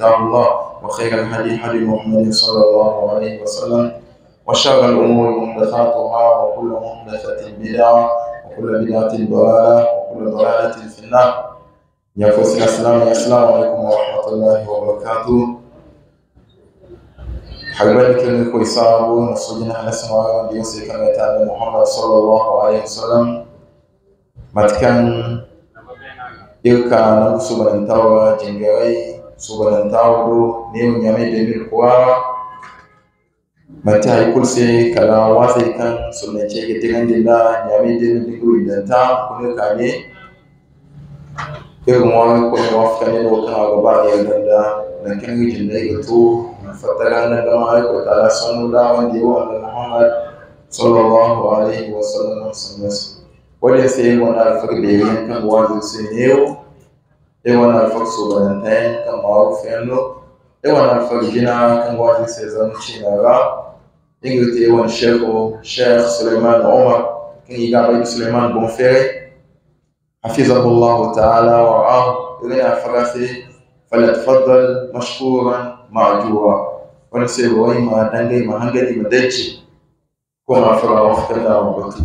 كتاب الله وخير الهدي هدي محمد صلى الله عليه وسلم وشر الأمور محدثاتها وكل محدثة بدعة وكل بدعة ضلالة وكل ضلالة في النار يا فوسنا السلام يا السلام عليكم ورحمة الله وبركاته حبيبي كلمة كويسة ونصلينا على سماع ديوسي كما يتعلم محمد صلى الله عليه وسلم ما تكن إلكا نبسو من توا جنجري subarantawoɗo neon ñamede nder ko wawa mante hay kulse kala wasay kan sonnancege tegandilla ñamede ndigo indanta kone kane irin wani kone wafta ne no kan aga ba ya ganda na kan gijin da ya to fatara na da ma ko ta la sonu da wanda ya wa Muhammad sallallahu alaihi wa sallam sallallahu wanda sai wani alfarbe yankan wazin sai ne yau eu analfabeto antena, mau fendo eu analfabeto gina kan wajin sezon chinara ingilite eu sheikh sheikh Suleiman Omar kan igaba ibn Suleiman Bonferre حفظه الله o ورعاه إلينا فرسي فليتفضل مشكورا معجورا ونسيب ويما دنجي ما هنجي مدجي كما فرا وفتنا وبطي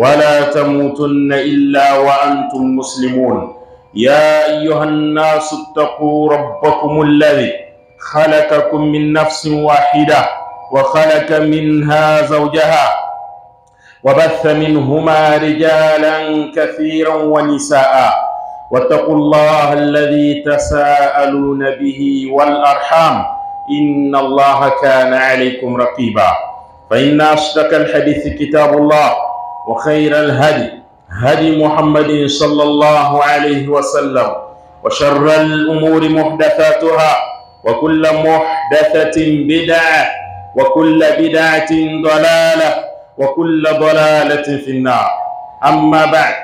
ولا تموتن إلا وأنتم مسلمون يا أيها الناس اتقوا ربكم الذي خلقكم من نفس واحدة وخلق منها زوجها وبث منهما رجالا كثيرا ونساء واتقوا الله الذي تساءلون به والأرحام إن الله كان عليكم رقيبا فإن أصدق الحديث كتاب الله وخير الهدي هدي محمد صلى الله عليه وسلم وشر الأمور محدثاتها وكل محدثة بدعة وكل بدعة ضلالة وكل ضلالة في النار أما بعد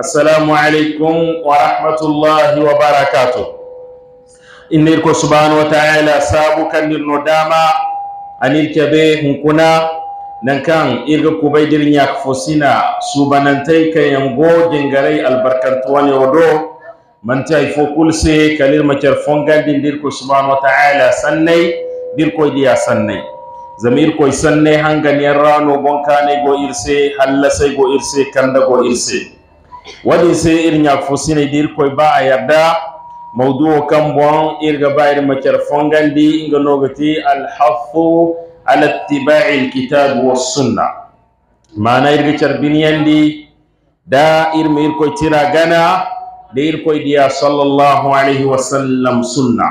السلام عليكم ورحمة الله وبركاته إن سبحانه وتعالى سابقا للندامة الكبير هنكنا nankan irga kubai dirin ya fosina subanantai kayan gogin garai albarkantuwa ne wado manta ifo kulse kalir macar fongan din dirko subhanahu wa ta'ala sannai dirko diya sannai zamir koy sanne hangani rano bonkane go irse hallasai go irse kanda go irse wadi se irnya fosina dir koy ba ayarda mawdu'o kam bon irga bayir macar fongandi inga nogati al على اتباع الكتاب والسنة ما نيرك تربينيان دي دا إرمي إركوي تيراغانا دي إركوي ديا صلى الله عليه وسلم سنة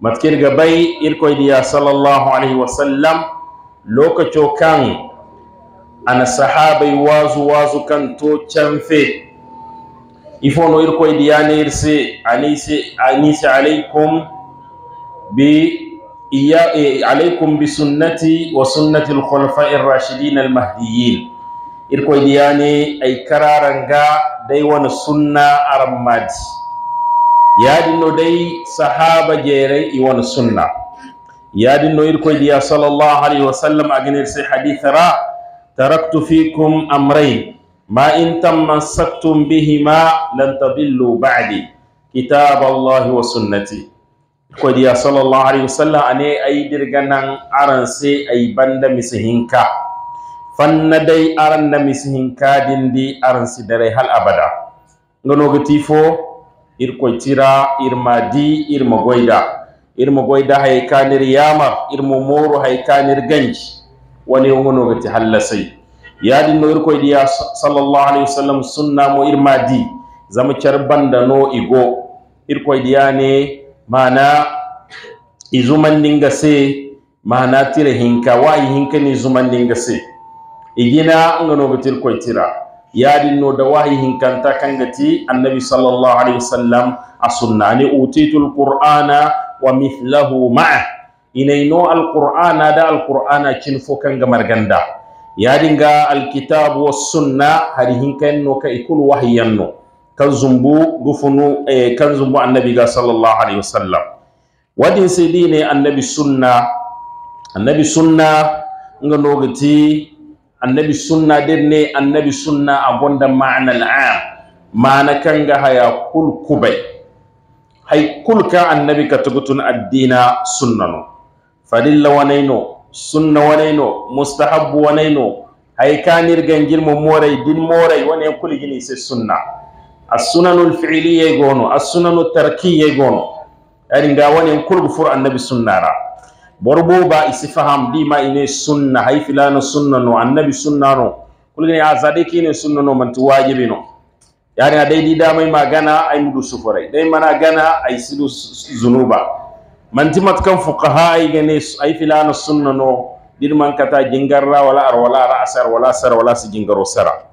ما متكير غباي إركوي ديا صلى الله عليه وسلم لوكا كان أنا صحابي وازو وازو كان تو تشنفي يفونو إركوي ديانير سي أنيسي أنيسي عليكم بي إيا عليكم بسنتي وسنة الخلفاء الراشدين المهديين إركو دياني أي كرارنغا ديوان السنة أرماد يا دينو دي صحابة جيري إيوان السنة دينو إركو ديا صلى الله عليه وسلم أجنر سي حديث را تركت فيكم أمرين ما إن تمسكتم بهما لن تضلوا بعدي كتاب الله وسنتي kodiya sallallahu alaihi wasallam ane ay nan aran sai ay banda misihinka fanna dai aran na misihinka dindi aran si dare hal abada ngonogati fo ir tira ir madi ir magoida ir magoida hay kanir yamar ir momoro hay kanir ganji wani ngonogati hallasai ya no ir diya sallallahu alaihi wasallam sunna mo ir madi zama char banda no igo ir diya ne mana izuman ninga se mana tira hinka wai hinka ni izuman ninga se igina ngano bitir koy tira yadin no da wahi hinkanta kangati annabi sallallahu alaihi wasallam asunna utitul qur'ana wa mithlahu ma'a inaino alqur'ana da alqur'ana kin fo kanga marganda yadin ga alkitab was sunna hari hinkan no ka ikul wahiyan kan zumbu gufunu eh, kan zumbu annabi ga sallallahu alaihi wasallam wadin sai di ne annabi sunna annabi sunna nga nogati annabi sunna den ne annabi sunna a gonda ma'ana al'am ma'ana ga haya kul kubai hay kulka annabi ka tugutun addina sunnano fadilla wanaino sunna wanaino mustahabbu wanaino hay kanir gangir mo moray din moray wane kuligini sai sunna as-sunanul fi'liyya gono as-sunanut tarkiyya gono ari nga woni kurgu fur annabi sunnara borbo ba isi faham di ma ine sunna hay filano sunna no annabi sunna no kulgani azade kine sunna no man wajibi no yani a dai da mai magana ai mudu sufurai dai mana gana ai sidu zunuba man timat kan fuqaha ai gane ai filano sunna no dir man kata jingarra wala ar wala ra asar wala sar wala si jingaro sara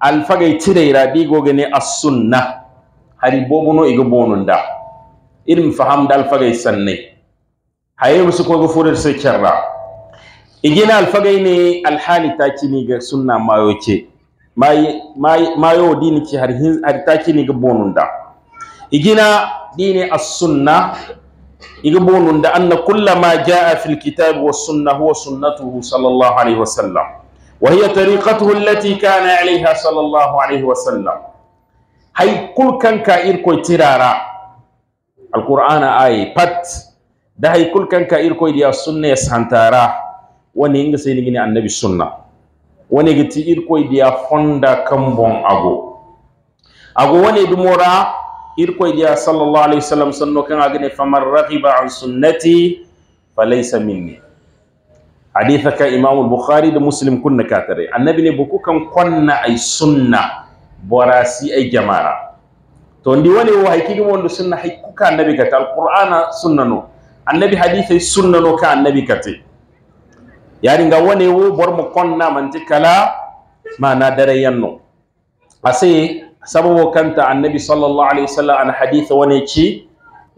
Alfagai alfagay ne as assunna hari bobono iga bonunda faham fahamda alfagay sanne hayewu sukogo foder se Igi igina alfagai ne alhali ga sunna mayo ce mayo dini ce hari taciniga bonunda igina dini assunna iga da. anna kulla ma jaa fi lkitabi wassunna huwa sunnatuhu sall llahu alayhi wa وهي طريقته التي كان عليها صلى الله عليه وسلم هاي كل كان كائر كوي ترارا القرآن آي بات ده هاي كل كان كائر كوي ديا السنة يسهنتارا ونينغ سينيغني النبي السنة ونيغ تير كوي ديا فوندا كمبون أغو أغو وني دمورا إير كوي ديا صلى الله عليه وسلم سنو كان أغني فمن رغب عن سنتي فليس مني haditha kan imamu bukhari da muslim kunna katare annabi ne buku kan kwanna ay sunna borasi ay jamara to ndi woni wo hay kigi wondu sunna hay annabi kate alqur'ana sunna no annabi haditha ay sunna no ka annabi kate yari nga woni wo bormo konna manti kala mana dare yanno Asai sababu kanta annabi sallallahu alaihi wasallam an haditha woni ci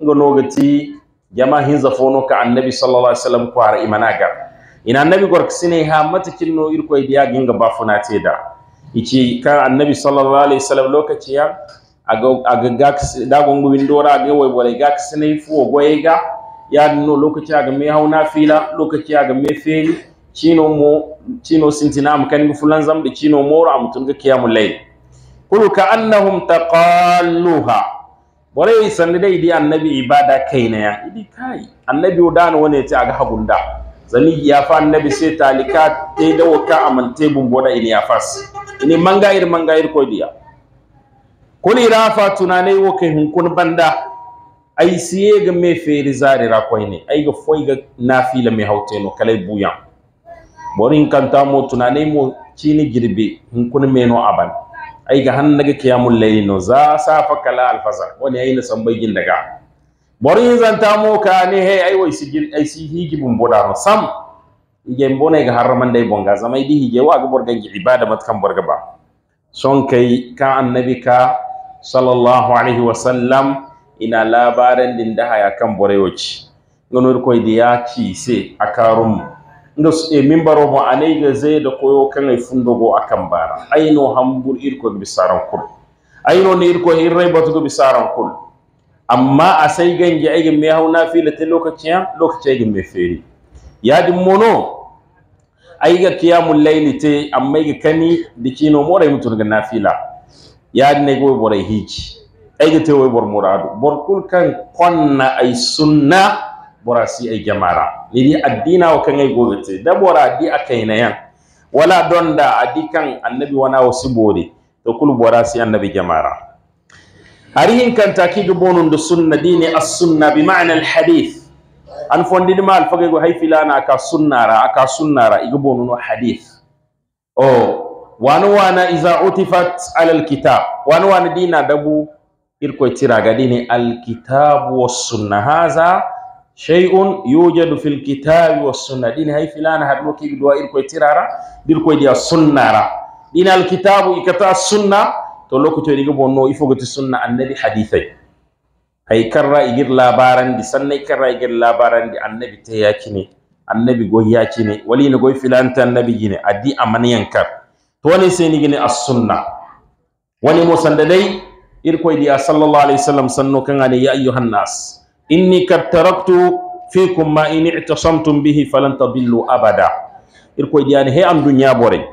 ngono gati jama'a hinza fono ka annabi sallallahu alaihi wasallam kwara imanaga ina annabi gork sine ha mata kinno irko idiya ginga bafuna da ichi kan annabi sallallahu alaihi wasallam lokaci ya a ga ga da gongo windora ga wai wai ga sine fu ga. ya no lokaci ga me hauna fila lokaci ga me feli chino mo chino sintina am kan fulan zam de chino ra mutun ga kiyamu layl kulu ka annahum taqalluha bore sanda dai di annabi ibada kaina ya idi kai annabi udan wane ta ga hagunda zani fa annabi sai talika te dawo ka amante bumboda ini afas ini mangair mangair ko dia kuni rafa tunane wo ke hunkun banda Ai siye ga me feri zari ra ko ne ai ga foi ga nafila me haute no buya buyan borin kanta mo tunane mo cini girbe hunkun me no aban ai ga hannaga kiyamul layli no za safa kala alfazar wani ai na gin daga borin zantamo ne he ay way sigil ay si higi bum bodano sam ige mbone ga harman dai bonga zamai di hige wa ga borga gi ibada matkan borga ba son kai ka annabi ka sallallahu alaihi sallam ina labaran din da haya kan borewoci ngonor koy di ya ci se akarum ndo e mimbaro mo anay ga zai da koyo kan ay fundogo akan bara ayno hambur irko bisaran kul ayno ne irko irre batugo bisaran kul amma a sai gange aigin mai hau na fila ta lokaci ya lokaci aigin mai feri ya din mono ga kiyamun laili te amma ga kani da kino mora yi mutum ga na fila ya din ne goyi borai hiji ga te wai bor muradu bor kulkan kwanna ai sunna borasi ai jamara ni di addina wa kan ai gobe te da bora a akai na yan wala don da addi kan annabi wana wasu bore to kul borasi annabi jamara Harihin kan takidu bonun da sunna dini a sunna bi ma'na al hadith an fondi ma al fagay go hay aka sunnara aka sunnara igu bonun no hadith o wani wana iza utifat ala al kitab wani wana dina dabu irko tiraga dine al kitab was sunna haza shay'un yujadu fil kitab was sunna dine hay filana hadno kibi do irko tirara dirko dia sunnara dina al kitab ikata sunna to da bonno no ifo goti sunna annabi hadisai. hay karra igir di sannay karra igir di annabi ta ne annabi goy wali ne goy filanta annabi gine addi amaniyan kar to sai ni gine as sunna wani mo sanda dai ir a di sallallahu alaihi wasallam sanno kangane ya nas inni kad fikum ma in itasamtum bihi falan tadillu abada di ani he dunya bore.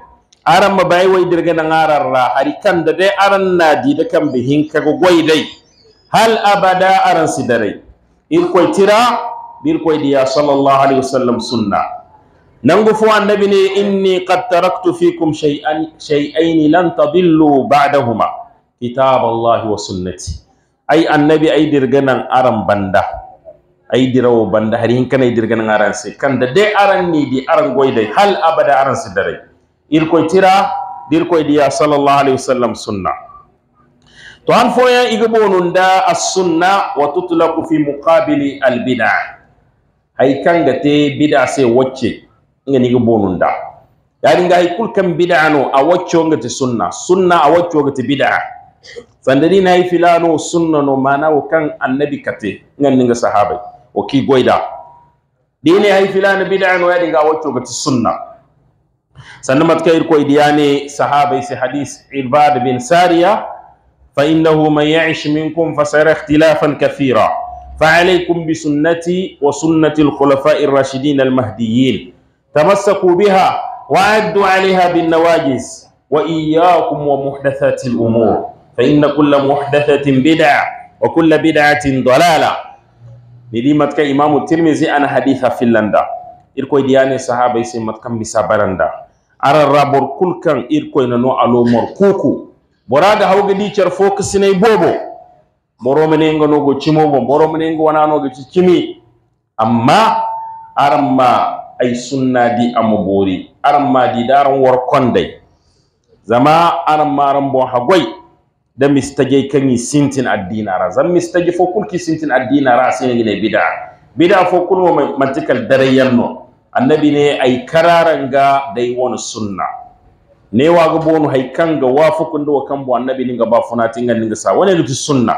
aran ma bai wai dirga na ngarar ra hari kan da dai aran na di da kan bihin ka gogoi dai hal abada aran si dare ir koy tira bir koy diya sallallahu alaihi wasallam sunna nan gufu annabi ne inni qad taraktu fikum shay'an shay'ain lan tadillu ba'dahuma kitab Allah wa sunnati ai annabi ai dirga nan aran banda ai dirawo banda hari hin ai dirga nan aran sai kan da dai aran ne di aran goidai hal abada aran si dare tira dirkoyɗiya sallllahu sallallahu wa sallam sunna to han foya da as sunna wa tutlaqu fi muqabili albida hay kanga te bida se wacce nga niga ɓonunda yani nga hay kul kam bida no a wacco ngati sunna sunna a wacco ngati bida sandari nayi filano sunna no mana wo kan annabi kate ngan ni sahabai o ki goida dine hay filano bida no yadi nga wacco ngati sunna سنمت كير كوي دياني صحابي سي حديث عباد بن ساريا فإنه من يعش منكم فسير اختلافا كثيرا فعليكم بسنتي وسنة الخلفاء الراشدين المهديين تمسكوا بها وعدوا عليها بالنواجز وإياكم ومحدثات الأمور فإن كل محدثة بدعة وكل بدعة ضلالة نديمت كإمام الترمذي أنا حديثة فنلندا إلكو دياني صحابي سيمت كم بسابرندا ararra borkul kan irko ina no alo morkuku borada hawga dicer ina bobo boro menenga nogo cimobo boro no go cimi amma aramma ay sunna di amobori boori di daran war kondai zama aramma aran bo hagoy da mistaje kangi sintin addina ra zan mistaje fo kulki sintin addina ra sinegine bida bida fo kulmo mantikal yanno. annabi ne kararan kararanga dai wani sunna ne wa ga bonu hay wafukun da wakan kambo annabi ga ba funatinga ninga sa wani lutu sunna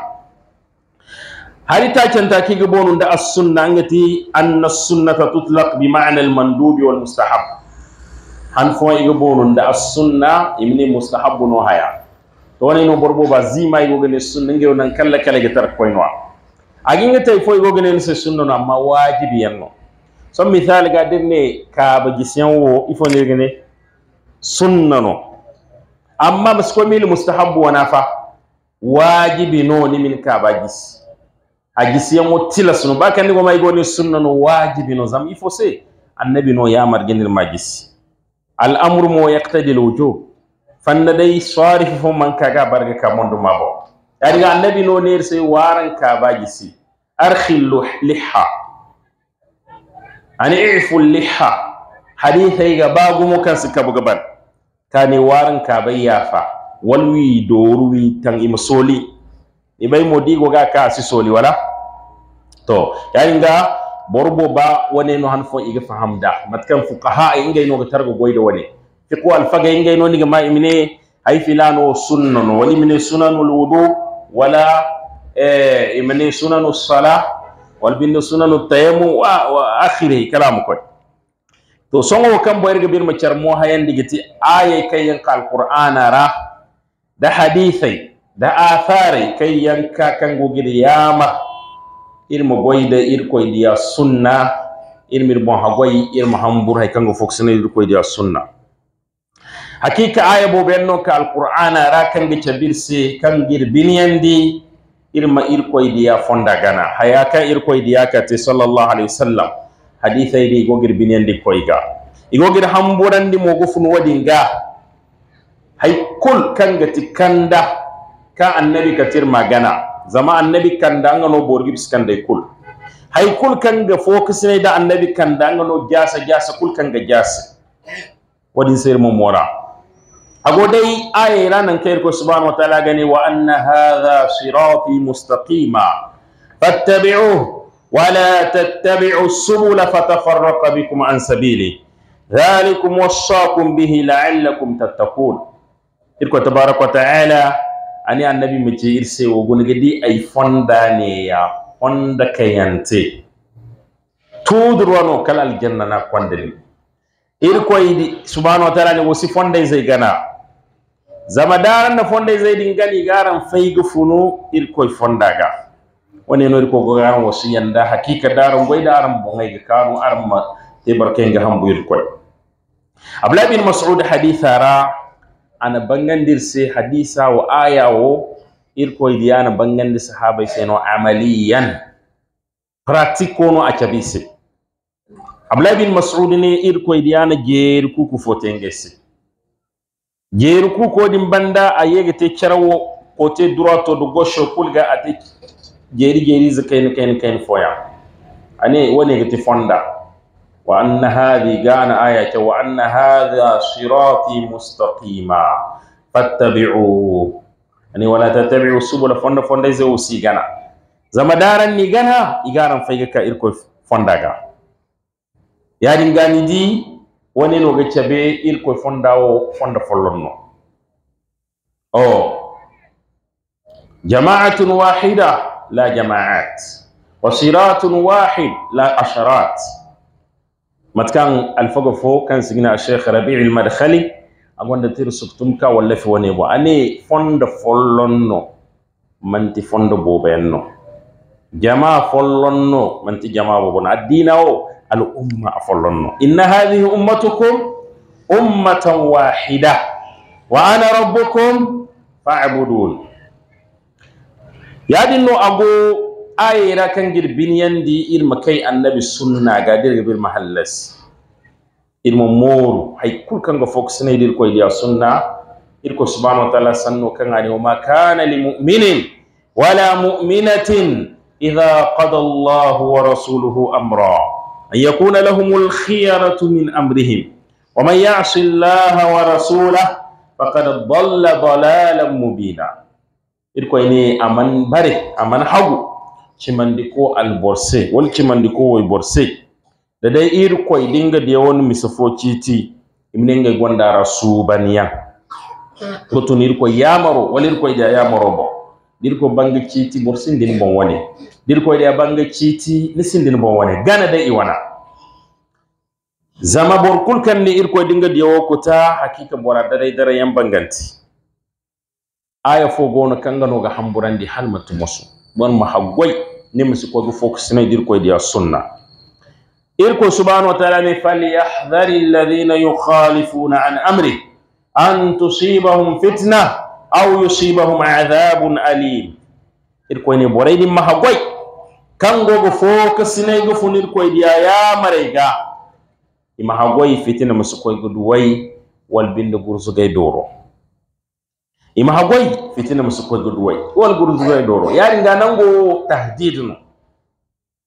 hari ta ki ga bonu da as sunna ngati anna sunnata tutlaq bi ma'na al mandub wal mustahab han fo ga bonu da as sunna imni mustahab no haya to wani no borbo ba zima igo gane sunna ngew nan kala kala gitar koyno ginga tay fo go gane se sunna na ma wajibi yanno son misaliga dirne kaaba gisiyanwo ifonirgine sunnano amma maskomil mustahabu nafa wajibi ni min ka ba gisi a gisiyanwo tilasno bakandi goma igoni sunnano wajibi no zam ifo se annabi no ya yamarginir ma gisi al'amru mo yaqtadi lwujub fanna dai sarifi fo man ga barga ka mondu mabo diga annabi no ne se waran ba gisi arkhi liha ani i'ful liha hadithai ga mu kan suka bugban ne warin ka fa, walwi dorwi tan imsoli ibai go ga ka si soli wala to yayin ga borbo ba wane no hanfo iga fahamda matkan fuqaha ingai no targo goyda wane fiqu alfaga ingai no ga ma mine ay filano sunnan wali mine sunanul wudu wala eh imine sunanus salah walbinno sunanu tayamum wa akhirihi kalamu koye to songo kam boyrga birma carmo hayandigiti aye kay yanka alqur'ana ra da hadithai da athari kay yanka kango gidi yama irma goyda irkoy diya sunna irmir bon hagoy irma hambur hay kango foksina irkoy diya sunna hakika aya bo ɓenno ka alqur'ana ra kangi cabirse kangir biniyandi irma irkoyɗiya fonda gana haya ka irkoyɗiya kate sallallahu alaihi wa sallam di idi igogir biniyandi koyga igogir hamburandi mogo funu wadi nga hay kul kangati kanda ka annabi katir gana zama annabi kanda ngano borgi biskanda kul hay kul kanga ne da annabi kanda ngano jasa jasa kul kanga jasa waɗin mo mora أقولي آية لنا كيرك سبحانه وتعالى غني وأن هذا صراطي مستقيما فاتبعوه ولا تتبعوا السبل فتفرق بكم عن سبيله ذلكم وصاكم به لعلكم تتقون إركو تبارك وتعالى أني النبي مجي سي وغنغدي أي فندانيا فندكيانتي تودرونو كلا الجنة ناقوان دليل irkoyidi subhanahu wa taala ni wosi fonde zama fonda fonde dinga ni, garan fai faygo funo irkoye fondaga woni noori ko garan wasu yanda, hakika daran goyɗa aran bogayga kano barke ga hambo irkoye abla bin masud haditha ra ana bangandirse hadisa wa aya wo irkoyde yana sahaba sahabay no amaliyan pratique no a cabise abdoulah bin masud ne irkoyde yana ku ku fotengese jeeri ku koodin banda a yegete cerawo côté droit to do gauche ga ate jeeri jeeri ze kayn kayn kayn foya ane wonegete fonda wa anna hadi gana aya ce wa anna hadha sirati mustaqima fattabi'u ane wala tattabi'u subula fonda fonda ze usi gana zama daran ni gana igaran fayga ka irko fonda ga yadin gani di wonenoga cabe irkoye fondawo fonda follonno o jama'atun wahida la jama'at wa siratun wahid la asharat matkan alfaga fo kan sigina cheikh rabiu lmadkhali a gonda tir suktum ka walla fi wone bo ane fonda follonno manti fonda bobayanno jama'a follonno manti jama bobono addina o الأمة أفلنو إن هذه أمتكم أمة واحدة وأنا ربكم فاعبدون يادي نو أبو أي كان جير بنيان دي إلما كي النبي سنة قادر قبل محلس إلما مور هاي كل كان فوق سنة دير كوي ديا سنة إلكو سبحانه وتعالى سنو كان عليه وما كان لمؤمن ولا مؤمنة إذا قضى الله ورسوله أمرا أن يكون لهم الخيرة من أمرهم ومن يعص الله ورسوله فقد ضل ضلالا مبينا irko ne aman bare aman hagu cimandiko alborse wal cimandiko way borse da dai irko dinga da yawan misafoci ti imninga gonda rasu baniyan kotun irko yamaro wal irko da yamaro bo dirko banga citi borsin din bon wane dirkoyɗe bangge ciiti ni sindin bon wane gana da iwana. zama bor kulkan ni irko dinga diyawo kuta hakika bora da dai dare yan banganti aya fo gona ga hamburan hamburandi halmatu musu bon ma musu ko go focus fokusinoy dirko diya sunna irko subhanahu wa ta'ala ni yahdhari alladhina yukhalifuna an amri an tusibahum fitna aw yusibahum adhabun alim irko ni boray mahagwai kango go fo ka sinai go funir ko idiya ya marega ima hagoy fitina musu ko go duwai wal binda gurzu gay doro ima hagoy fitina musu ko go duwai wal gurzu gay doro yari ga nango tahdidun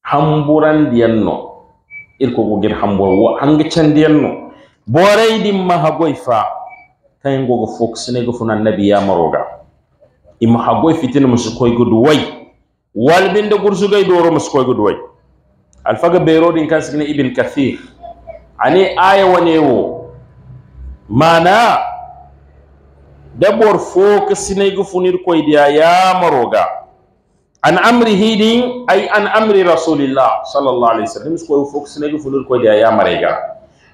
hamburan diyanno irko go gir hambur wa hanga candiyanno boray dim ma fa kango go fo ka sinai go funan nabiya maroga ima hagoy fitina musu ko go duwai walbinde gai doro musu muskoygo duway alfaga din kan sigina ibn kathir ani aya wo. mana dabor fo kasine go funir koy dia ya maroga an amri hidin ai an amri rasulillah sallallahu alaihi wasallam ko fo ka kasine go funir koy dia ya marega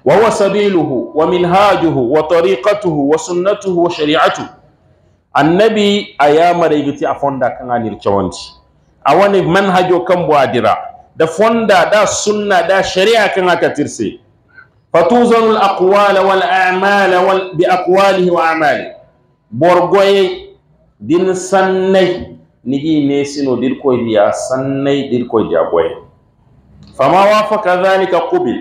وهو سبيله ومنهاجه وطريقته وسنته وشريعته النبي أيام ريجتي أفندا كان عن الكوانتي a wani manhajo kan buwadira da fonda da sunna da shari'a kan haka tirse fatuzanul akwala wal a'mala wal bi akwali wa a'mali borgoye din sannai yi ne sino dirko ya sannai dirko ya goye fama wafa ka qubil kubi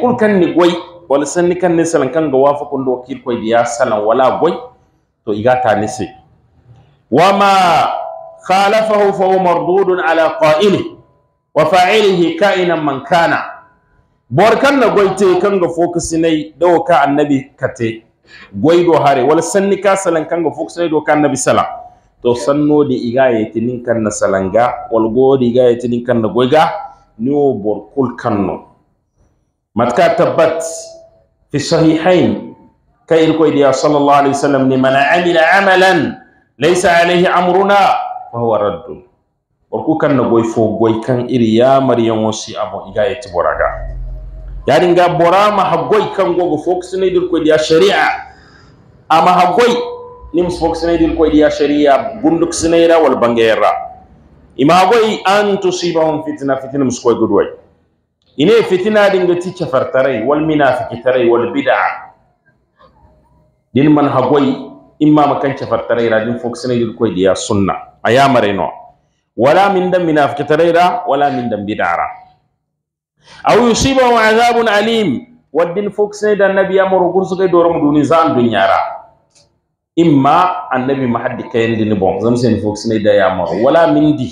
kul kan ni goy wani sanni kan ni salan kan ga wafaqun do kir koy ya salan wala goy to iga ta nise wama خالفه فهو مردود على قائله وفاعله كائنا من كان بوركان نغويتي كانغ فوكسيني دو كا النبي كتي غويدو هاري ولا سنكا سلان كانغ فوكسيني دو كان النبي سلام to sanno di igaye tinin na salanga wal godi igaye kan na goiga ni wo bor kul kanno tabbat fi sahihain kayir ko idiya sallallahu alaihi wasallam ni man amila amalan laysa alaihi amruna fahuwa raddun warku kan na goy fo goy kan iri ya maryam wasi abo iga yeti boraga yani nga borama ha goy kan gogo focus ne dir ko dia sharia ama ha goy nim focus ne dir ko dia sharia bunduk sinera wal bangera ima goy an tusibahum fitna fitna muskoy gudway ine fitina dinga ti cafartarai wal munafiqitarai wal bid'a din man ha goy imma makan cafartarai radin focus ne dir ko dia sunnah aya mareno wala min dambi nafketareyra wala min dambi bidara aw wa azabun alim waddin foksneda annabi yamoro gursuge doromo duni zan dunyara imma annabi ma haddi kayandini bon zam sen ya yamoro wala min di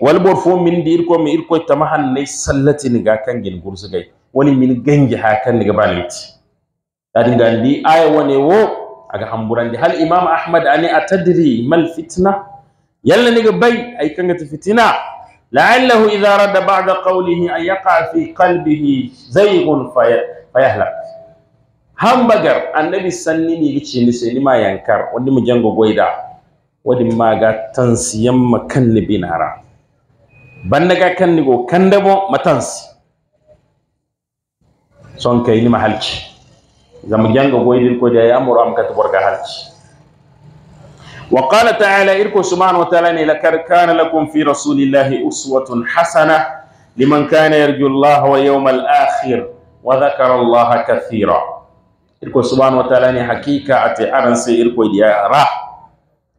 wal bor fo di irko mi irko tama sallati ni ga gursu gursugay wani min gangi ha ga baliti dadi gandi aya wone wo aga di hal imam ahmad ani atadri mal fitna يلنق بي أي كانت فتنة لعله إذا رد بعد قوله أن يقع في قلبه زيغ في فيهلك hamburger annabi sanni ne gici ni sai ma yankar wanda mu jango goida wanda ma ga tansiyan binara banda ga kan ni kan kandabo matansi son kai ni mahalci zamu jango goidin ko da ya amuru am ka halci وقال تعالى إركو سبحانه وتعالى لكر كان لكم في رسول الله أسوة حسنة لمن كان يرجو الله ويوم الآخر وذكر الله كثيرا إركو سبحانه وتعالى حقيقة أتي أرنسي إركو ديارا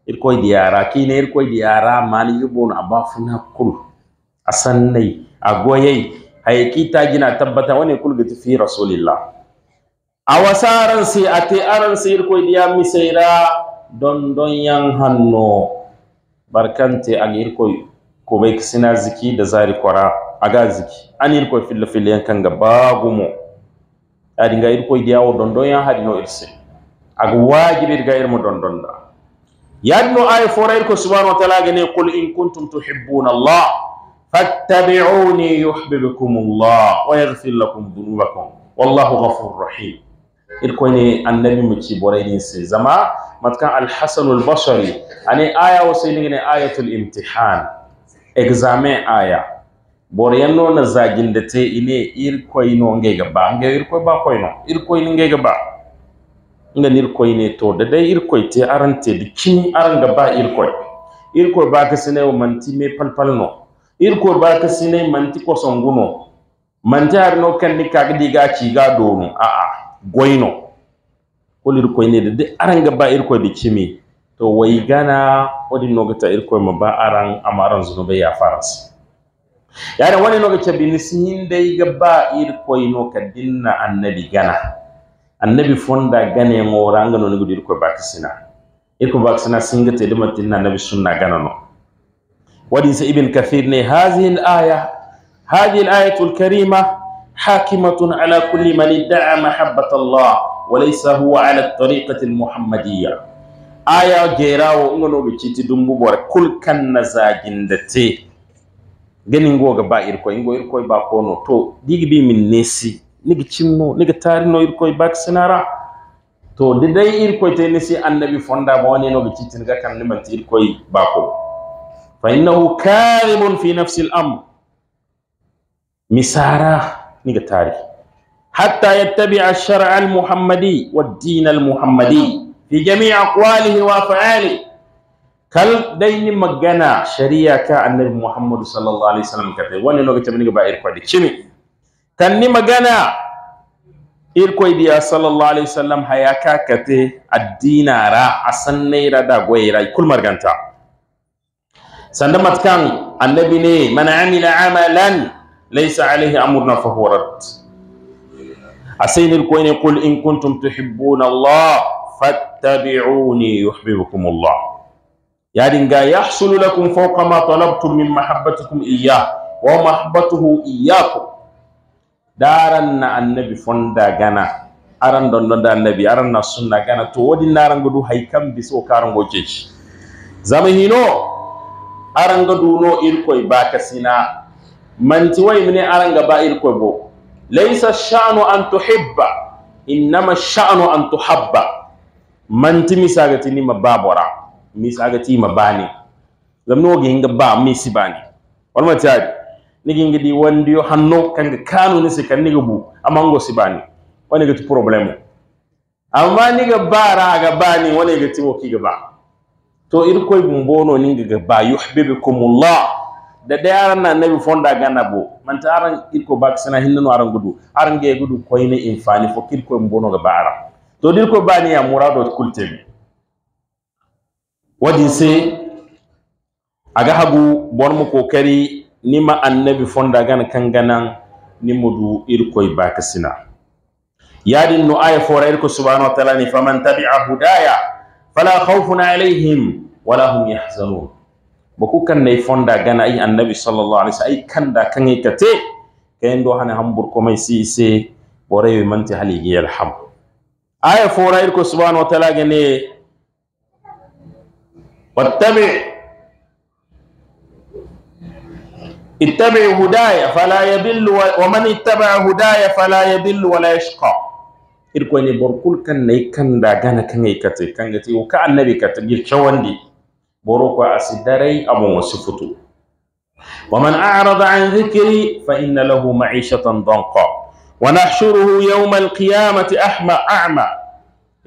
إركو ديارا كين إركو ديارا ما ليبون أبافنا كل أسني أقوي هاي كي تاجنا تبتا وني كل في رسول الله أوسارنسي أتي أرنسي إركو ديار مسيرا don don yan hanno barkante an irko ko bai sina ziki da zari kwara aga ziki an irko fillo fillo yan kanga bagumo adi nga irko diawo don don yan hadino irse aga wajibi ga irmo don don da yadno ay fora irko subhanahu wa ta'ala gane qul in kuntum tuhibbuna allah fattabi'uni yuhibbukum allah wa yaghfir lakum dhunubakum wallahu ghafurur rahim Irko irkone annabi mu ci borayni sai zama matkan al-hasan al ani aya wasaini ne ayatul imtihan examen aya boriyan no na zagin da te ine irkoi no ngai gaba ngai irkoi ba ko ino irkoi ni ngai gaba nga irko ne to da dai irkoi te arante da kin aran gaba irkoi irkoi ba ka sine manti me palpal no irkoi ba ka sine manti songuno manti har no kan ni k'a diga ci ga dono a a goino ko irkoy ne duk aranga ba irko da cimi to wai gana wadi nogata irko ma ba aran amaran zunube ya faras da wani noga cabi ni da dai ga ba ino ka dinna annabi gana annabi fonda gane ngora anga no ngudir ko bakisina irko bakisina singa te de matinna annabi sunna gana no wadi sa ibn kathir ne hazihi al-aya ayatu al karima حاكمة على كل من ادعى محبة الله وليس هو على الطريقة المحمدية آية جيراو انغنو بيتي دمبو بور كل كان نزاجين دتي gani ngo ba irko ngo irko ba kono to digi min nesi nigi cimno nigi tarino irko ba sinara to da dai irko te nesi annabi fanda ba wani no gici tin ga kan liman irko ba ko fa innahu karibun fi nafsi al misara niga tari hatta yattabi'a ash-shar'a al-muhammadi wad-din al-muhammadi fi jami' aqwalihi wa af'ali kal dayni magana shari'a ka annabi muhammad sallallahu alaihi wasallam kate wani no gace niga ba irko di chimi kanni magana irko biya sallallahu alaihi wasallam hayaka kate ad-dinara asannaira da goyira kul marganta sanda matkan annabi ne man amila amalan laysa alayhi amruna fa huwa rad asaynil koyne qul in kuntum tuhibbuna allah fattabi'uni yuhibbukum allah yaringa yahsulu lakum fawqa ma talabtum min mahabbatikum iyyah wa mahabbatuhu iyyakum daran na annabi fonda gana aran don don da annabi aran na sunna gana to wodi naran gudu haikan biso karan goce zama hino aran gudu no irkoi baka sina manti wai mine aranga ba'il ko bo laysa sha'nu an tuhibba innama sha'nu an tuhabba manti misagati ni mababora misagati mabani zamno ginga ba misi bani wal ni niginga di wandi yo hanno kanga kanu ni sikan ni bu amango sibani wani gati problemu amma niga bara ga bani wani gati woki ga ba to irkoy bumbono ni ga ba yuhibbukumullah da da aran na nabi fonda gana bo manta aran irko bak sana no aran gudu aran ge gudu koyne infani fo kirko mbono ga bara to dir ko bani ya murado kultemi wadi se aga habu bon mu kokari nima annabi fonda gana kanganan ni mudu irko bak sana yadin no aya fora irko subhanahu wa ta'ala ni faman tabi'a hudaya fala khawfun alaihim wala hum yahzanun boku kan nay fonda gana ay annabi sallallahu alaihi wasallam ay kanda kan ay kate kayen do hane hambur ko mai si se boray manti haligi alham aya fora ko subhanahu wa ta'ala gane wattabi ittabi hudaya fala yadhillu wa man ittaba hudaya fala yadhillu wa la yashqa irko ne borkul kan nay kanda gana kan ay kate kan gati ka annabi kate gil chawandi بروكو asidarai أمو وصفتو ومن أعرض عن ذكري فإن له معيشة ضنقا ونحشره يوم القيامة أحمى أعمى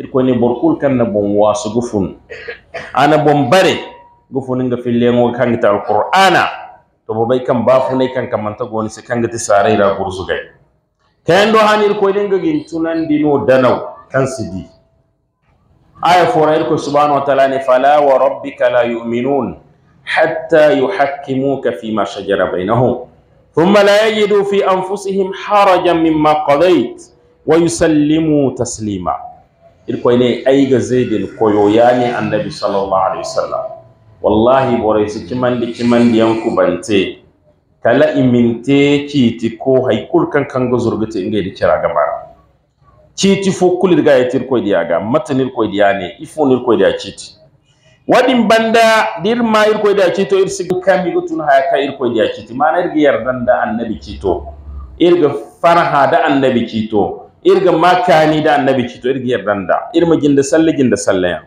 إركوني بركول كان بوم واس غفون أنا بمبري بري غفون إنك في الليل وكان القرآن تبو بي كان بافوني كان كمان تقولي سكان ساري لا برزوغي كان دوهاني إركوني إنك جنتونان دينو دانو كان سدي aya ilko subhanahu wa taala ni fala wa rabbika la yuminun hatta fi ma shajara bainahum thumma la yajidu fi anfusihim harajan mimma qadait wa yusallimu taslima ay ga zaidil koyo yani annabi sallallahu alaihi wasallam wallahi boray si kiman cimandi yanku bante kala iminte ti ko hay kan kan kango zurgete ngeydi ciraga chiti fo kulirga yetir koydiyaga matanir koydiyane i fonir koydiya chiti Wadi banda dir ma ir koydiya chito ir sig kamigo tun haya ka ir koydiya chiti mana irga yardanda annabi chito irga faraha da annabi chito irga makani da annabi chito irga yardanda irma jinda salli jinda ya.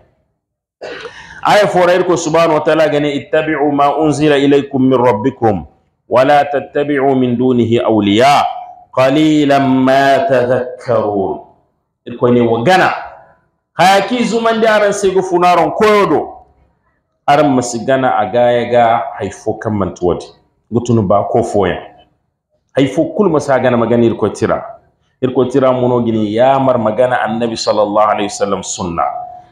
aya fura irko subhanu wa tala gane ittabi'u ma unzira ilaykum min rabbikum Wala تتبعوا min dunihi awliya. Qalila ma تذكرون irkoyne wo gana haya sai zumande aran sego funaron koyodo aran masi gana a gaya ga haifo kan mantuwadi gutunu ba ko foya haifo kul masu gana magana irko tira irko gini ya gini yamar magana annabi sallallahu alaihi wasallam sunna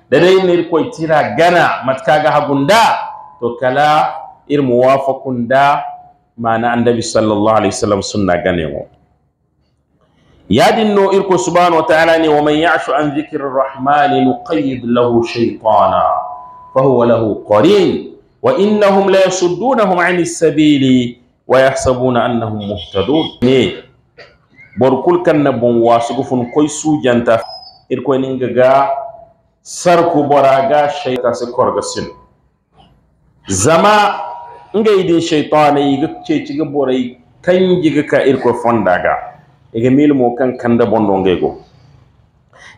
dai ne irko tira gana matkaga hagunda to kala ir muwafaqun da mana annabi sallallahu alaihi wasallam sunna gane mu yadin no irko subhanahu wa ta'ala ne wa man ya'shu an dhikri rahmani nuqayyid lahu shaytana fa lahu qarin wa innahum la yasuddunahum 'ani sabili wa yahsabuna annahum muhtadun ne borkul kanna bon wasugo fun koy sujanta irko ninga sarku boraga shaytan se korga sin zama ngai din shaytani ga ce ci ga borai kan giga irko fondaga ega milmo kan kanda bondo ngego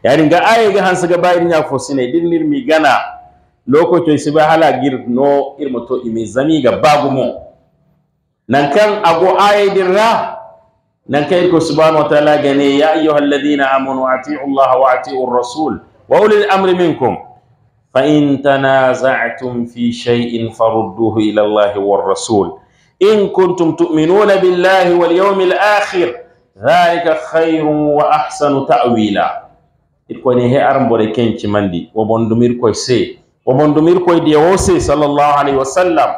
yani ga aye ga hansa ga bayir ya fo din nir mi gana lokoto siba hala gir no irmo to imi zami ga babu mo nan kan ago aye dirra nan kai ko subhanahu wa ta'ala gani ya ayyuhal amanu ati'u Allah wa ati'u rasul wa ulil amri minkum fa in tanaza'tum fi shay'in farudduhu ila Allah war rasul in kuntum tu'minuna billahi wal yawmil akhir dhalika khayrun wa ahsanu ta'wila it ko ni he armbore kenci mandi wo bondumir koy se wo bondumir koy de wo se sallallahu alaihi wasallam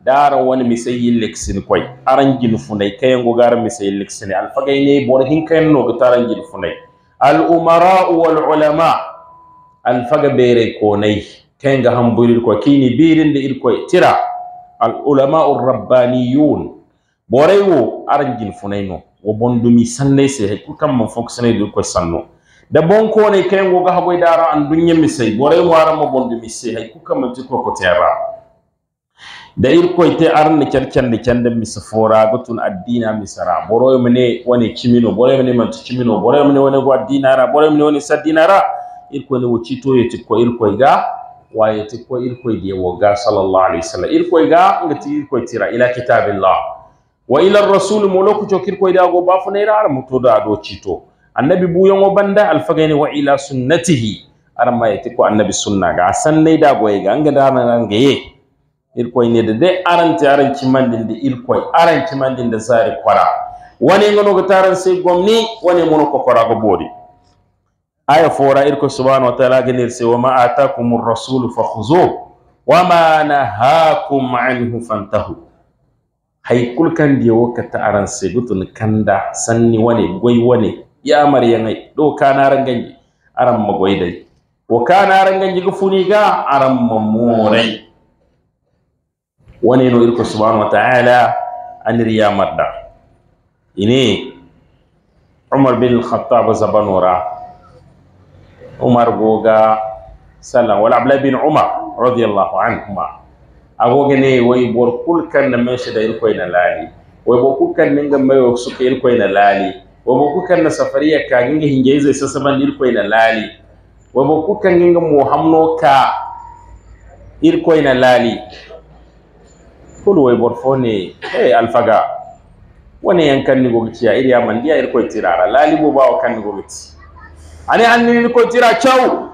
daran wani mi sai yilleksin koy aran jil funai kayango garan mi sai yilleksin alfagay ne bon hin kayan no al umara wal ulama alfaga bere konai kayan ga hamburir ko kini birin da irko tira al ulama ur rabbaniyun borai wo aran jil funai wo bondumi sanne se he kul kam mo fokusane do ko sanno da bon ko ne kay wo ga hagoy dara an dunye mi sey bore wara mo bondumi se he kul kam ti ko ko tera da ir ko te arne cer cende cende mi fora gotun adina mi sara mo ne woni kimino mo mene man kimino mo ne woni go adina ra mo ne woni saddina ra ir ko ne wo ye ti ko ir ko ga ti ko irkoy wo ga, sallallahu alaihi wasallam ko ga ngati ko tira ila kitabillah wa ila rasul moloko cokir koy dago bafunayra da mutodo do cito annabi buyon o banda alfagani wa ila sunnatihi arama yati ko annabi sunnaga a ga da anga ga ye irkoy ne de arante aranci mandinde aranti aranci da sari kwara. wani ga taran sai gomni wani mono ko go bodi aya fora irko subhanahu wa taala genir se wama atakum rasulu wa ma nahakum anhu fantahu hay kulkan dia wakata aran gutun kanda sanni wane goy wane ya amar yangai do kana ranganji aram ma goy dai wo kana ranganji gufuni ga aram ma mamurai wane no irko subhanahu wa ta'ala anri ya madda ini umar bin khattab zabanura umar goga sallam wal abla bin umar radiyallahu anhuma agogene woy bor kul na meshe da irko ina lali woy bor kul kan ninga mayo suka irko ina lali woy bor kul na safariya ka ginga hingeize sasa man irko ina lali woy bor kul kan ginga muhamno ka irko ina lali kul woy bor fone hey alfaga wone yankan kan ni gogiti ya iriya man dia irko tirara lali bo bawo kan ni gogiti ani an ni irko tira chaw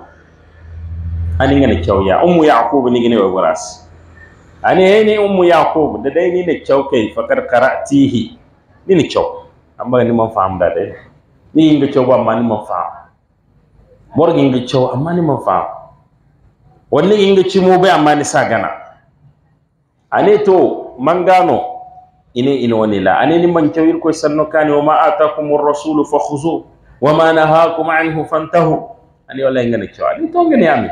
ani ngana chaw ya ummu yaqub ni gine woy borasi ani ni umu yaqub da dai ni ne chaukai fakar karatihi ni ne kyau amma ni man faham da dai ni inga chau amma ni man faham bor inga kyau amma ni man faham wanne inga ci mu bai amma ni sa gana ani to man gano ine ine wani la ani ni man chau irko sanno kani wa ma atakumur rasulu khuzu wa ma nahakum anhu fantahu ani wala inga ne kyau ani to ngani amin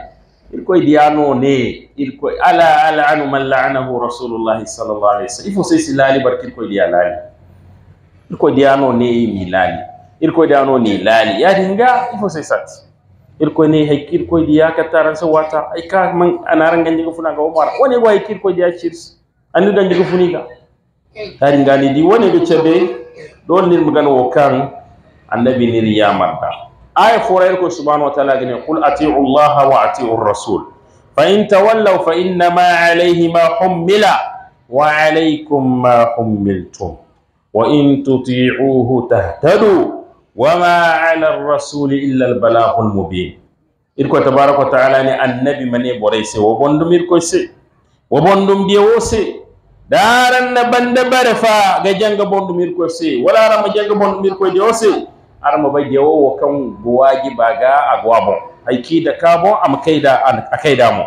ilkoye diyano ne ilkoye ala ala anu man laanahu rasulullahi sallallahu alayhi wa sallam il faut sey laali barka ilkoye diya laali ne mi laali ilkoye diyano ni laali yaadi nga il faut sey sati ne hay ilkoye diya kattaran so wata ay ka man anaran ganjiga funaga omara wone go hay kilkoye diya cirs andu ganjiga funiga yaadi ngani ndi woni ɗo ceɓe ɗon nirmi gan wo kan annabi nir yamarda aya forayer ko subhanahu wa taala gene Kul atiu llaha wa atiu rasul fa in tawallaw fa ma alayhi ma hummila wa alaykum ma hummiltum wa in tuti'uhu tahtadu wa ma ala rasuli illa albalaghu almubin irko tabaraka wa taala ni annabi mane boray se wo bondum irko se wo bondum diye wo se daran na bande bare fa ga janga bondum irko se wala rama janga bondum irko diye wo se har mo bai yewo wo kan guwagi baga agwabo aiki da kabo mu kaida an akaida mu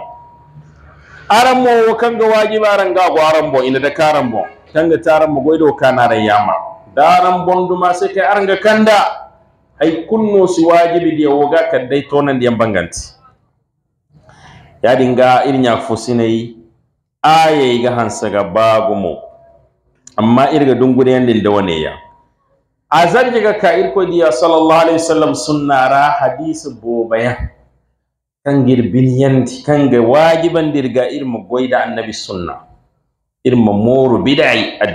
aran mu kan guwagi ran ga gwaran bo ina da karan bo tanga taran mu goido kana ran yama daran bondu ma sai kai ga kanda ai kunno si wajibi da yawo ga kan dai tonan da yambanganci ya dinga irin ya yi aye ga hansa ga bagumo amma irga dungure yan da wane ya azarjiga ka irkodiya sallallahu alaihi wasallam sunnara hadisi bobayan kangir kan ga wajiban dirga irma goida annabi sunna irma moro bidai a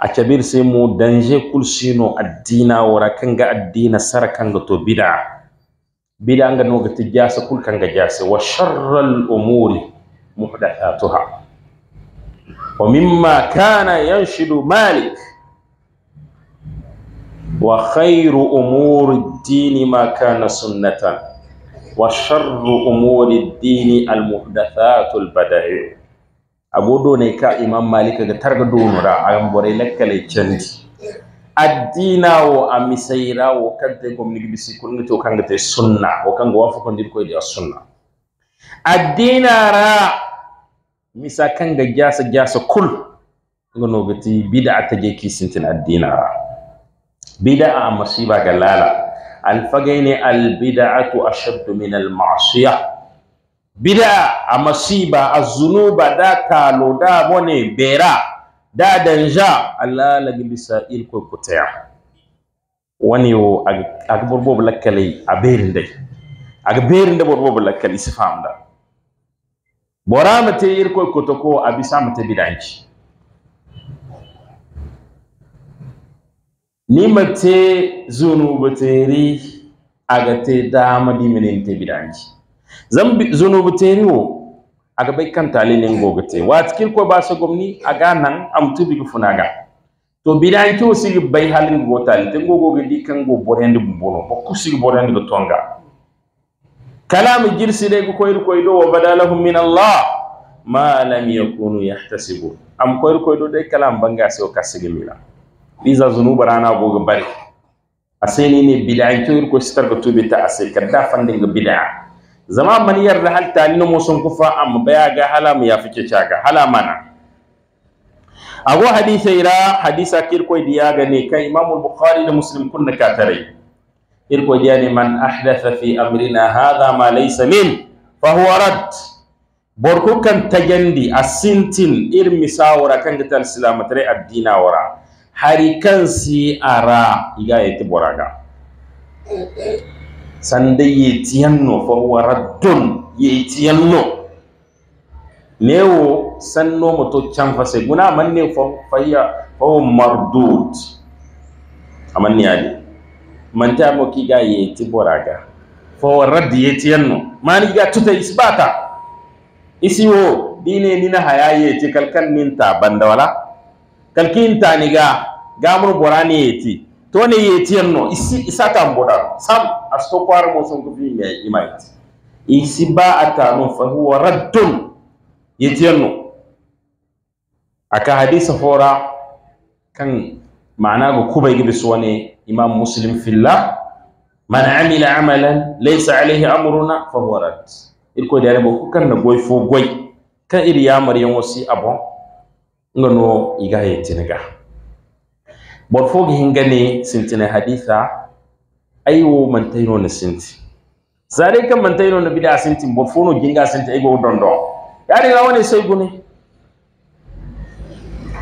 acabir sai mu danje kul sino addina kan ga addina sara ga to bida bida no ga tijasa kul ga jasa wa sharral umuri muhdathatuha wa mimma kana yanshidu malik wa khairu umuri dini ma kana sunnatan wa sharru umuri dini al muhdathatul bada'i agodo ne ka imam malik ga targa donura an bore lakkale candi addina wo a misayira wo kante gomnigi bisi kulngi to kanga te sunna wo kanga wafu kondir ko dia sunna addina ra misa kanga jasa jasa kul ngono gati bid'a ta je ki sintin addina ra bid'a masiba ga lala alfagai ne albid'atu ashaddu min almasiya. bid'a a masiba a zunuba da kalo da bone bera da danja Allah lagi bisa ko kutaya wani yo aga borbo blakkale a berin dai aga berin da borbo blakkale sifam da bora mate irko ko a bisa mate bidanci Ni a ga te dama diminente bidanji zambi zunubuteri wo a ga bai kan tale ne ngogate wa cikin ko ba sa gomni ga nan am bi funa ga. to bidanji wo sigi bai halin go tale te ngogo ga di kan go borende bu bono ko kusigi boren do tonga kalamu jirsi dai ko koyr koy do wa badalahum min allah ma lam yakunu yahtasibu am koyr koy do de kalam banga se o kasigi mila iza zunuba rana goga bare aseni ne bid'a to irko sitar ga tobe ta asai da fandin ga bid'a zama man da hal tani no musun kufa am baya ga hala mu ya fice caga hala mana ago hadisa ira hadisa kirko diya ga ne kai imam bukhari da muslim kun ka tare irko diya ne man ahdatha fi amrina hadha ma laysa min fa huwa rad borku tagandi asintin ir misawara kan gital tare addina wara kan si ara iga yeti boraga sande yetiyanno fo huwa raddun yanno newo sanno moto canfa se guna manne fo fahiya fo mardud amanni adi mante amo ga. yeti boraga ya raddi yanno. mani iga tuta isbata isiwo dine nina haya ti kalkan ninta banda wala kalkin taniga gamur ya yeti to ne yeti yanno isi isata mboda sam asto kwar mo son ko biya imait isi ba atanu fa huwa raddun yeti yanno aka hadisa fora kan ma'ana go kubai gibi suwane imam muslim fillah man amila amalan laysa alayhi amruna fa huwa radd irko dare bo kan na goy fo goy kan iri ya yan wasi abon ngano igaye tiniga bor fogi hingani sintine haditha aiwo mantaino na sinti zare kan mantaino na bida sinti bor fono ginga sinti aigo dondo yari la wani sey guni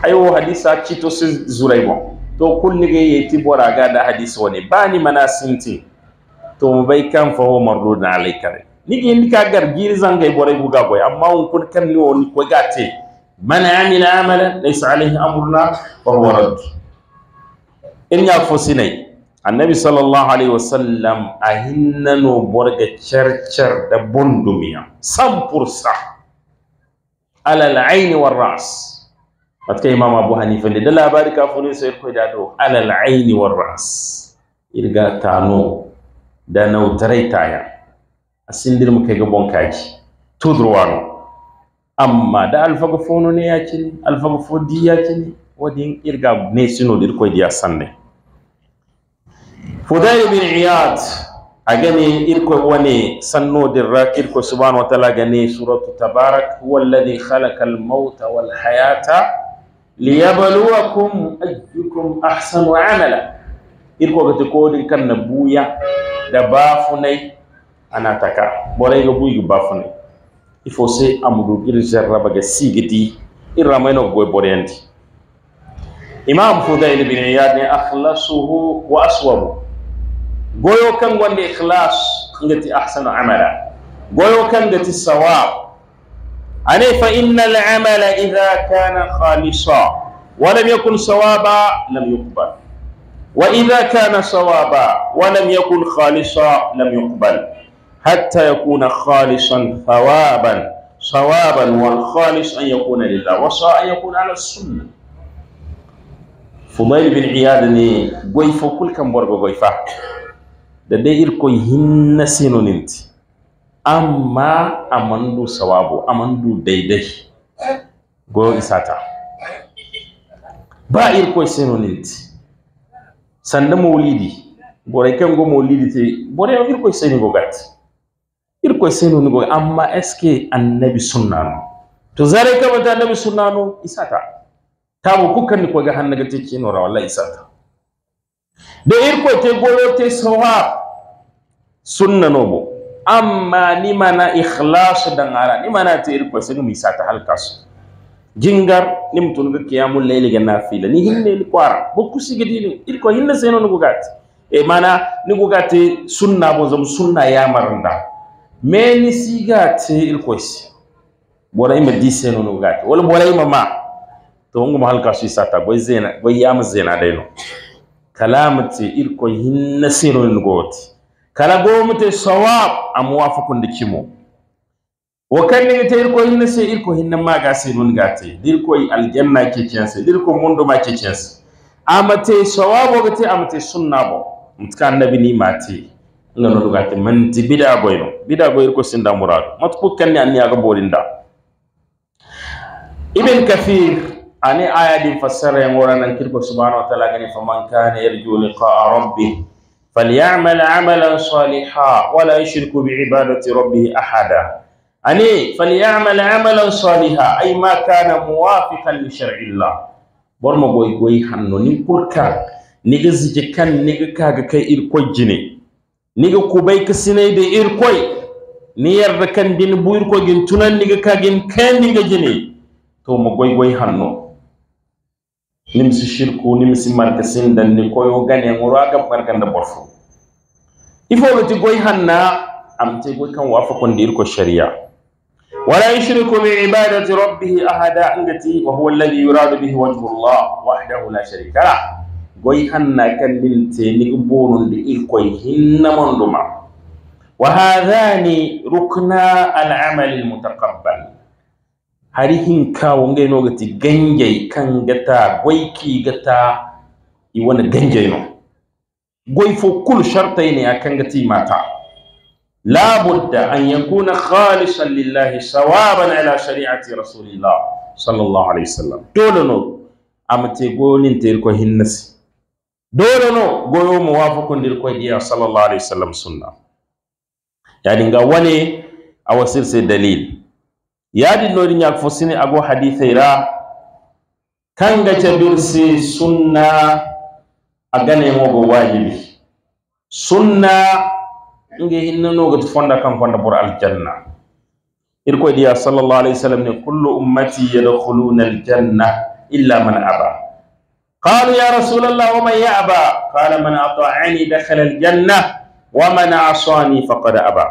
aiwo haditha chito si zuraymo to ge yeti bora ga da hadisa wani bani mana sinti to mu bai kan fa ho mardud alaikare nigi gar giri zangay borai buga boy amma un kun kan ni woni ko gate man amila amalan laysa alayhi amruna fa huwa radd in ya fosinai annabi sallallahu alaihi wasallam a hinnano borga cercer da bondumiya san pursa alal aini war ras matka imam abu hanifa da labari kafin sai ko da do alal aini war ras irga tano da nautarai taya asindir mu kai ga bonkaji tudurwano amma da alfaga fono ne yakini alfaga fodi yakini wadin irga ne sino dir koy san ne. fudayl bin iyad agani irko wani sanno dir rakir ko subhanahu wa ta'ala gani suratu tabarak huwa alladhi khalaqa mauta wal hayata liyabaluwakum ayyukum ahsanu amala irko ta kodin kan na buya da bafunai ana taka borai ga buyi bafunai ifose amudu ir jarrabaga sigidi irramayno goy borendi imam fudail bin iyad ne akhlasuhu wa aswabu goyo kan wonde ikhlas ngati ahsanu amala goyo kan ngati sawab ane fa innal amala idha kana khalisa ولم يكن صوابا لم يقبل وإذا كان صوابا ولم يكن خالصا لم يقبل hatta yakuna khalisan thawaban sawaban wal khalis an yakuna lillah wa sa an yakuna ala sunna fudail bin iyad ne goyfo kulkan borgo goyfa da dai irko hinna sinoninti amma amandu sawabu amandu daidai go isata ba irko sinoninti sanda maulidi bore kan go maulidi te bore irko sinoninti irkwai sai ni gwai amma eske annabi sunnano to zare ka ta annabi sunnano isata mu kukan ni ko ga hannaga te kino ra wallahi isata da irkwai te golo te sawa no bo amma ni mana ikhlas dan ara ni mana te irko seno mu isata halkasu. jingar ni mutun ga kiyamul layli ga nafila ni hinne ni kwara bokku sigidini irkwai hinne sai ni go gati e mana ni go gati sunna bo zam sunna ya maranda meni sigate bora ima diseno no gate wala ima ma to ngum halka shi sata boy zena boy yam zena dayno il ko hinna sero no goti kala gomte sawab am wafakun dikimo wo kannigi te ko hinna se ilko hinna maga sero no ko al janna ke dir ko mondo ma ke chense amate sawabo gate amate sunna bo mutka annabi ni mate nga no lugate manti bida goyno bida goyr ko sinda muradu matku kanni anni aga bolinda ibn kathir ani aya din fasara en wora nan kirko subhanahu wa ta'ala gani faman kana yarju liqa'a rabbih falyamal amalan saliha wala yushriku biibadati rabbih ahada ani falyamal amalan saliha ay ma kana muwafiqan li shar'i llah bormo goy goy hanno ni kurka niga je kan niga kaga kai ir kojjine niga ka sinai de irkoi, ni yarda kan din bu irko gin tunan niga gin kan niga jini to mo goy goy hanno si shirku marka markasin dan ni koyo gane ngora raga barkan da borfu ifo lati goy hanna am te goy kan wafa kon dir ko sharia ولا يشرك بعبادة ربه أحدا أنتي وهو الذي يراد به وجه الله wahdahu la sharika له goy hanna kan min te ni bonon de il koy hinna mon duma wa hadhani rukna al amal al mutaqabbal hari hin ka wonge no gati kan gata goy ki gata i wona genjay no goy fo ne akan gati mata la budda an yakuna khalisan lillah sawaban ala shari'ati rasulillah sallallahu alaihi wasallam dole no amate gonin te ko hinnasi dole no goyo dil lil diya sallallahu alaihi wasallam sunna yani ga wane awasir se dalil yadi nori nyak fosini ago hadithaira kanga cha dursi sunna agane mo go wajibi sunna nge no go fonda kan fonda bur al janna irko diya sallallahu alaihi wasallam ne kullu ummati yadkhuluna al janna illa man aba قالوا يا رسول الله ومن يأبى قال من أطاعني دخل الجنة ومن عصاني فقد أبى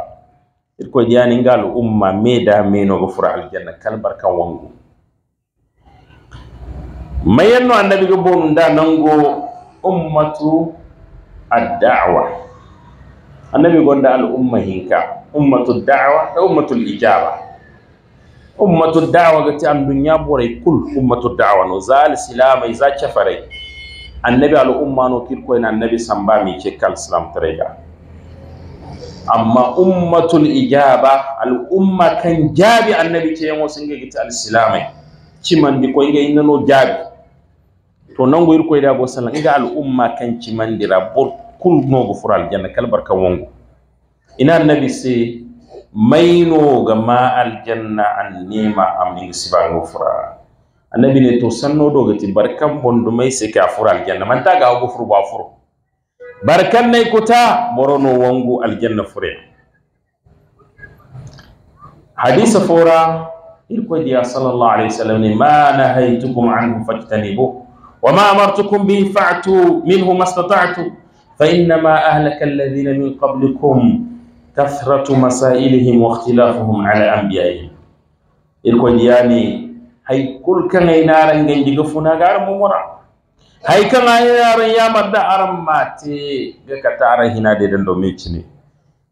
irko jani ngal umma meda meno go fura aljanna kal barkan wangu mayanno annabi go bonu da nango ummatu ad-da'wa annabi gonda al umma ummatu dawa da ummatu ummatu da'wa ga an dunya boray kul ummatu da'wa no zal silamai za kafare annabi al umma no kir ko ina annabi samba mi ke kal salam tarega amma ummatul ijaba al umma kan jabi annabi ke yango singa gita al silamai di ko inga no jabi to nan nango ko koyda go sallan inga al umma kan di rabbul kul nogo fural janna kal barka wongo ina annabi se Maino ga ma aljanna an nema am in sibango fura annabi ne to ga ti barkan bondu mai sai ka fura aljanna man ta ga ogo furu furu barkan nay kuta borono wangu aljanna fure hadisa fora irkodiya sallallahu alaihi wasallam ne ma nahaytukum anhu fajtanibuh وما ma به فاعتوا Fa ما ma فإنما أهلك الذين من قبلكم kathratu masailihim wa ikhtilafuhum ala anbiya'ihim irko diyani hay kul kan ay naran ngen diga funa garan mu mura hay kan ay naran ya madda aran mate ga katara hina de dan do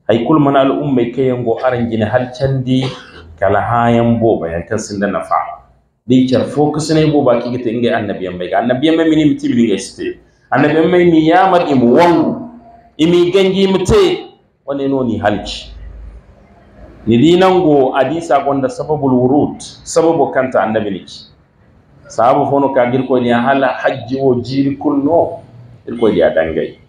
hay kul man al ummai kayango aran gine hal chandi kala hayan bo bayan kan sinda nafa di char focus ne bo baki gite ngai annabiyan bai ga annabiyan mai mini mitibi ngai ste annabiyan mai ni ya mar imu wangu imi gangi mutai waneno ni halci ni go adisa gonda sababul wurud sababu kanta annabiniki sababu fono ka ko a hala hajji o jiiri kunno girkoyɗi a dangay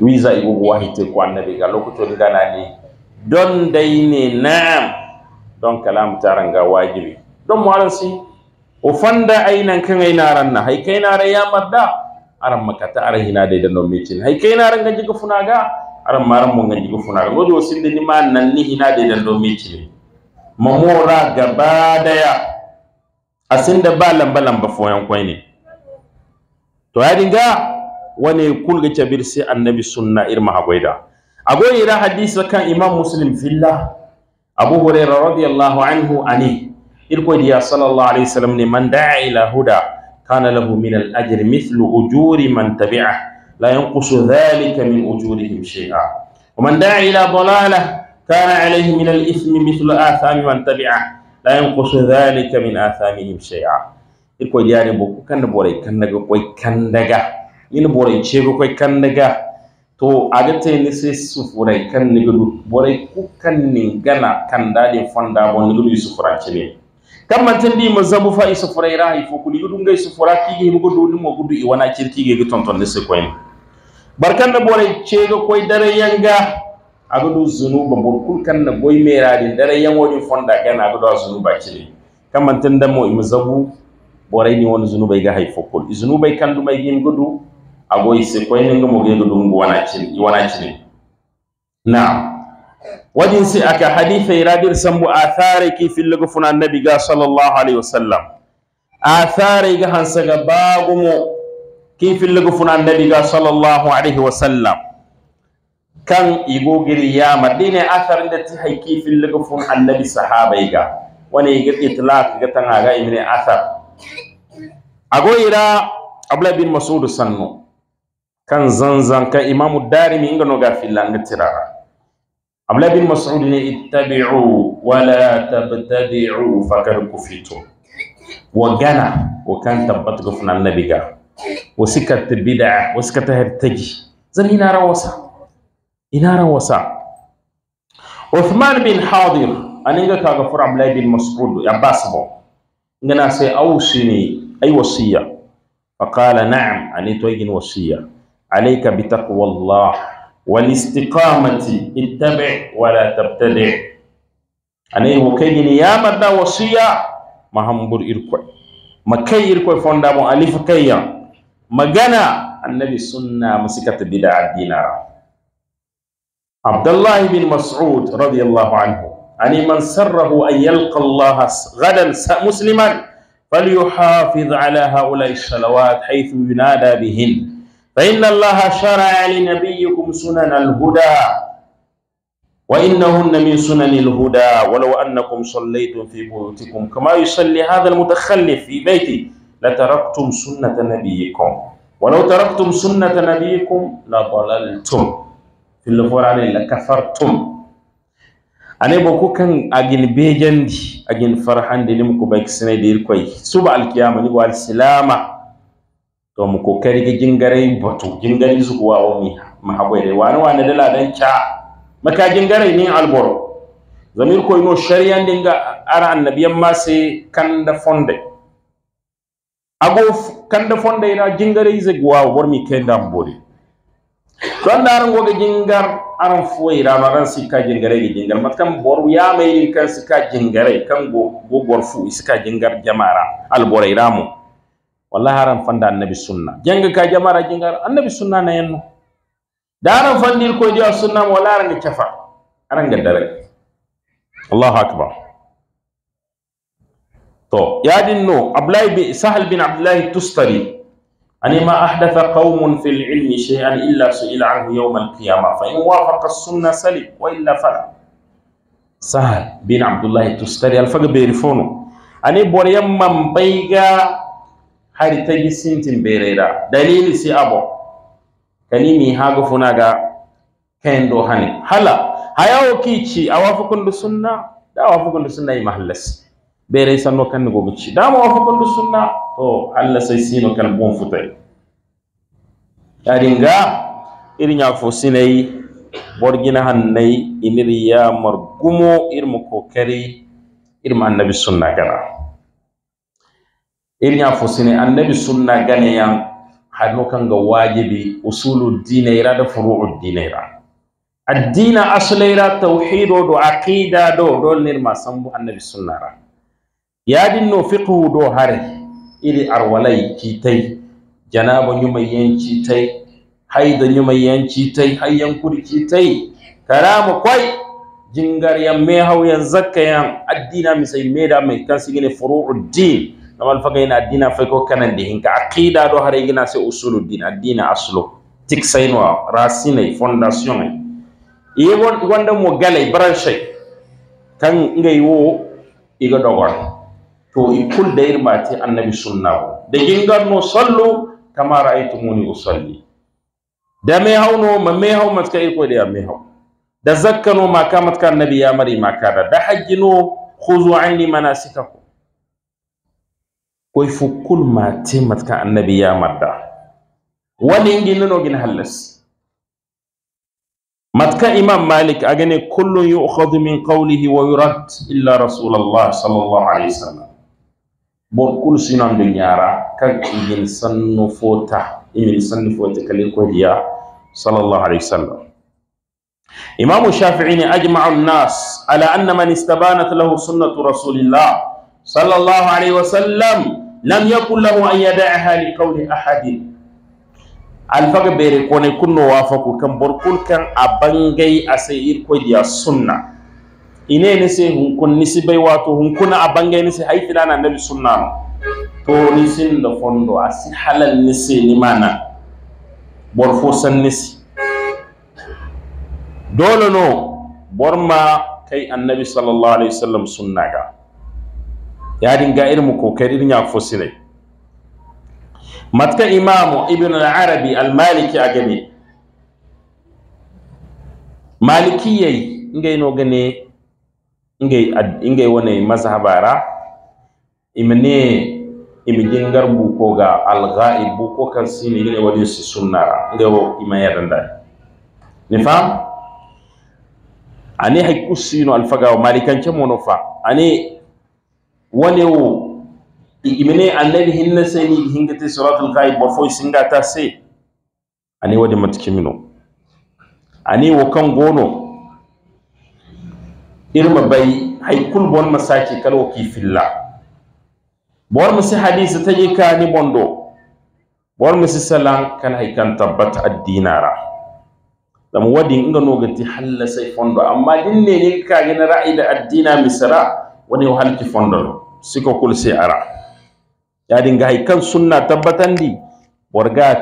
wisa igugu wahitir ko annabi ga lokacol ganani don dai ne na don kalam taranga wajibi don mo aran si o fanda ainan kan ay na hay ya madda aran makata ara hinade danno micin hay ran ga jiga funaga aran maran mo nganji ko funaga ngojo sinde ni ma nan ni hina de dan do miti mamora gaba daya asinda ba lamba lamba foyan kwai ne to ya dinga wane kulga cabir sai annabi sunna irma hagwaida agoyi ra hadisi kan imam muslim filla abu hurairah radiyallahu anhu ani irko diya sallallahu alaihi wasallam ne man da'a ila huda kana lahu min al-ajr mithlu ujuri man tabi'ah layan kusur zalika min ujuri him shi'a kuma da a yi labalala ta na alaihi min al’ismi misul a sami mantabi'a layan kusur zalika min a sami him shi'a iko yi yare buku kan da borai kan daga kwai yin borai ce to a gata yi nisai su furai kan nigudu borai kukan ni gana kan dadin fanda wani gudu yi furanci ne kam mantandi di zabu fa isa furai ira hay fo kuli gudu ngay so fura kigi mo gudu ni mo gudu i wana kirki ge guton ton lesse Bar barkan da bore ga koy dare yanga agudu zunu bor kul kan na boy meradi dare yangodi fonda gan agudu zunuba cire kam da mo im zabu bore ni wani zunuba ga hay fo kul zunuba kan dum ay gim gudu agoy se koyni ngamo ge gudu ngwana cire i wana cire na'am wadin si aka haditha iradir sambu athare ki fillugo funa annabi ga sallallahu alaihi wasallam athare ga hansaga bagumo ki fillugo funa annabi ga sallallahu alaihi sallam. kan igogiri ya madine athar nda ti ki fillugo fun annabi sahabai ga wani ga itlaq ga tanga ga ibn athar agoyira abla bin mas'ud sannu. kan zanzan kan imamu darimi inga no ga fillan ga tirara Abdullah bin Mas'ud ni ittabi'u wa la tabtadi'u fakad kufitu wa gana wa kan tabbat gufna nabiga wa sikat bid'a wa sikat hartaji zan ina rawasa ina rawasa Uthman bin Hadir aninga kaga fur Abdullah bin Mas'ud ya basbo ngana sai awshini ay wasiya فقال نعم أني توجن وصية عليك بتقوى الله walistiqamati ittabi wala tabtadi anayi hokai gini ya madda wasiya mahambur irkwai makai irkwai fonda mu alif kayya magana annabi sunna musikata bid'a addina. Abdullahi bin mas'ud radiyallahu anhu ani man sarrahu an yalqa allah ghadan musliman falyuhafiz ala haula'i salawat haythu yunada bihin فإن الله شرع لنبيكم سنن الهدى وإنهن من سنن الهدى ولو أنكم صليتم في بيوتكم كما يصلي هذا المتخلف في بيته لتركتم سنة نبيكم ولو تركتم سنة نبيكم لضللتم في عليه لكفرتم أنا boku كان أجن بيجندي أجن فرحان دي ko bay kisne dir koy الكيامة al السلامة to mu kokari ga gingarai batu gingarai zuwa wa mi ma agwai dai wani wani dala dan ca maka gingarai ni alboro zamir ko ino shari'an dinga ara annabiyan ma sai kanda fonde ago kanda fonde ina gingarai zuwa wa mi da bore to an daran ga jingar aran foyi rama ran sika jingare ga jingar matkan boru ya mai kan sika jingare kan go gogor fu sika jingar jamara alborai ramu wallahi haran fanda annabi sunna jenga ka jamara jenga annabi sunna na yanno daran fandir ko diwa sunna wala aranga cafa ga dare allahu akbar to yadin no abdullahi bin sahal bin abdullahi tustari أن ma أحدث kaumun filin العلم شيئا إلا سئل عنه يوم القيامة فإن وافق السنة سلم وإلا فلا Sahal bin عبد Tustari, تستري الفقه بيرفونه Ani بوريا من hari tagi sintin berera dalili si abo kani mi hago funaga kendo hani hala hayawo kici awafukundu sunna da awafukundu sunna yi mahallas Berai sanno kan ni gobe ci, da ma awafukundu sunna to Allah sai sino kan bon futai yaringa irin ya fo sinai borgina hannai iniriya margumo irmu kokari irmu annabi sunna gana. irin ya fusine annabi sunna gane yan hannu kan ga wajibi usulu dinaira da furu'u dinaira addina asulaira tauhido do aqida do don nir masambu annabi sunna ra yadin no fiqhu do hare iri arwalai kitai janaba nyuma yanci tai haida nyuma yanci tai hayyan kurki tai karama kwai jingar yan me 'yan zakka yan addina misai meda mai kan sigine furu'u din wal fagay na dina fay ko kanen di hinka aqida do hare gina se usuluddin adina aslo tik sayno racine fondation e won wanda mo gale branche kan ngay wo iga dogor to i kul dair ti annabi sunna de ginga no sallu kama ra'aytumuni usalli da me hauno ma me hau matka ko da me hau da zakkano ma kamat kan nabi ya mari ma kada da hajjino khuzu anni manasikakum كيفو كل ما تمت كالنبي يا مدى ولينجي نوغين هلس مات ماتكا إمام مالك أغني كل يؤخذ من قوله ويرد إلا رسول الله صلى الله عليه وسلم بون كل سنان دنيارا كالإجن سنفوتا إمن سنفوتا كالإقوه يا صلى الله عليه وسلم إمام الشافعين أجمع الناس على أن من استبانت له سنة رسول الله صلى الله عليه وسلم لم يكن له أن يدعها لقول أحد الفق بيري كوني كن وافقو كم بركول كان أبنجي أسير كوي ديا سنة إني نسي هن كن نسي بيواتو هن كن أبنجي نسي هاي فلانا نبي سنة تو نسي لفندو أسي حلال نسي لمانا بورفوس النسي دولنو بورما كي النبي صلى الله عليه وسلم سنة ya dinga irin ko irin ya ne matka imamu ibn al-arabi al-maliki a maliki agani malikiyai ngay no gane ngay ngay wone mazhabara imne imigin garbu ko ga alghaibu ko kan sini ne wani su sunna yi ima ya danda ne fa ani hay kusino alfaga wa malikan ke mono fa ani walewo imine annabi hinna seni hingate suratul ghaib borfo singata se ani wadi matkimino ani wo kan gono irma bai haikul bon masaki kalwo ki filla bor masi hadisi taje kani bondo bor masi salan kan haikan tabbata addinara dam wadin inga nogati halla sai fondo amma dinne ne ka gina ra'ayi da addina misra wani halki fondo siko kul si ara yadin ga kan sunna di warga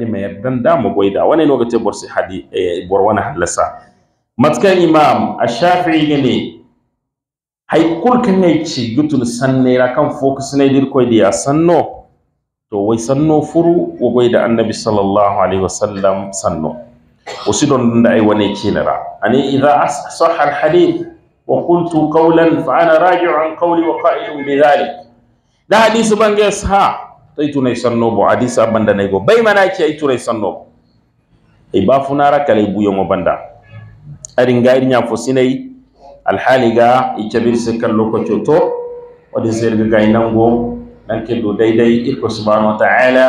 di mai yardan da mu goida wani lokaci eh, bor si hadi bor wani halasa matkan imam ash-shafi'i ne hay kul kan ne ci gutul sanne ra kan focus ne dir koy dia sanno to wai sanno furu wo goida annabi sallallahu alaihi wasallam sanno da ai wani kinara ani idza اذا al hadith وقلت قولا فأنا راجع عن قولي وقائل بذلك ده حديث بانجي سها تيتو نيسان نوبو حديث أبندا نيبو بيما ناكي أيتو نيسان نوبو إيه، بافو نارا كالي بو يومو باندا وبندا أرنغاير نعفو سيني الحالي غا إكبير سكر لوكو تشوتو ودي زيرغ غاي نانغو نانكي دو داي داي إلكو سبحانه وتعالى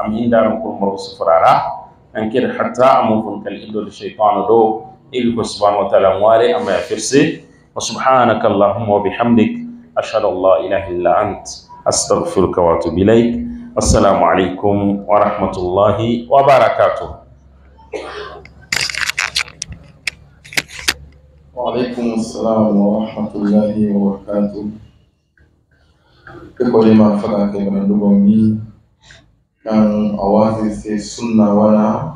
أم إندارم كل مرو سفرارا نانكي حتى أمو فنكال إندو الشيطان دو إلكو سبحانه وتعالى مواري أما يفرسي وسبحانك اللهم وبحمدك أشهد الله إله إلا أنت أستغفرك وأتوب إليك السلام عليكم ورحمة الله وبركاته وعليكم السلام ورحمة الله وبركاته كقول ما فرق من دبومي كان أوازي سنة وانا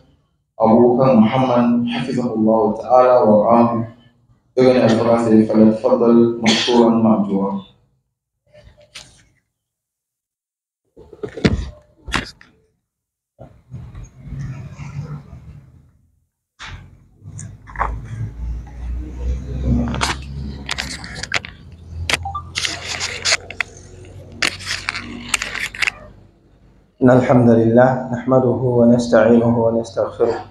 أبوك محمد حفظه الله تعالى ورعاه ابن الفراسي فليتفضل مشكورا مأجورا إن الحمد لله نحمده ونستعينه ونستغفره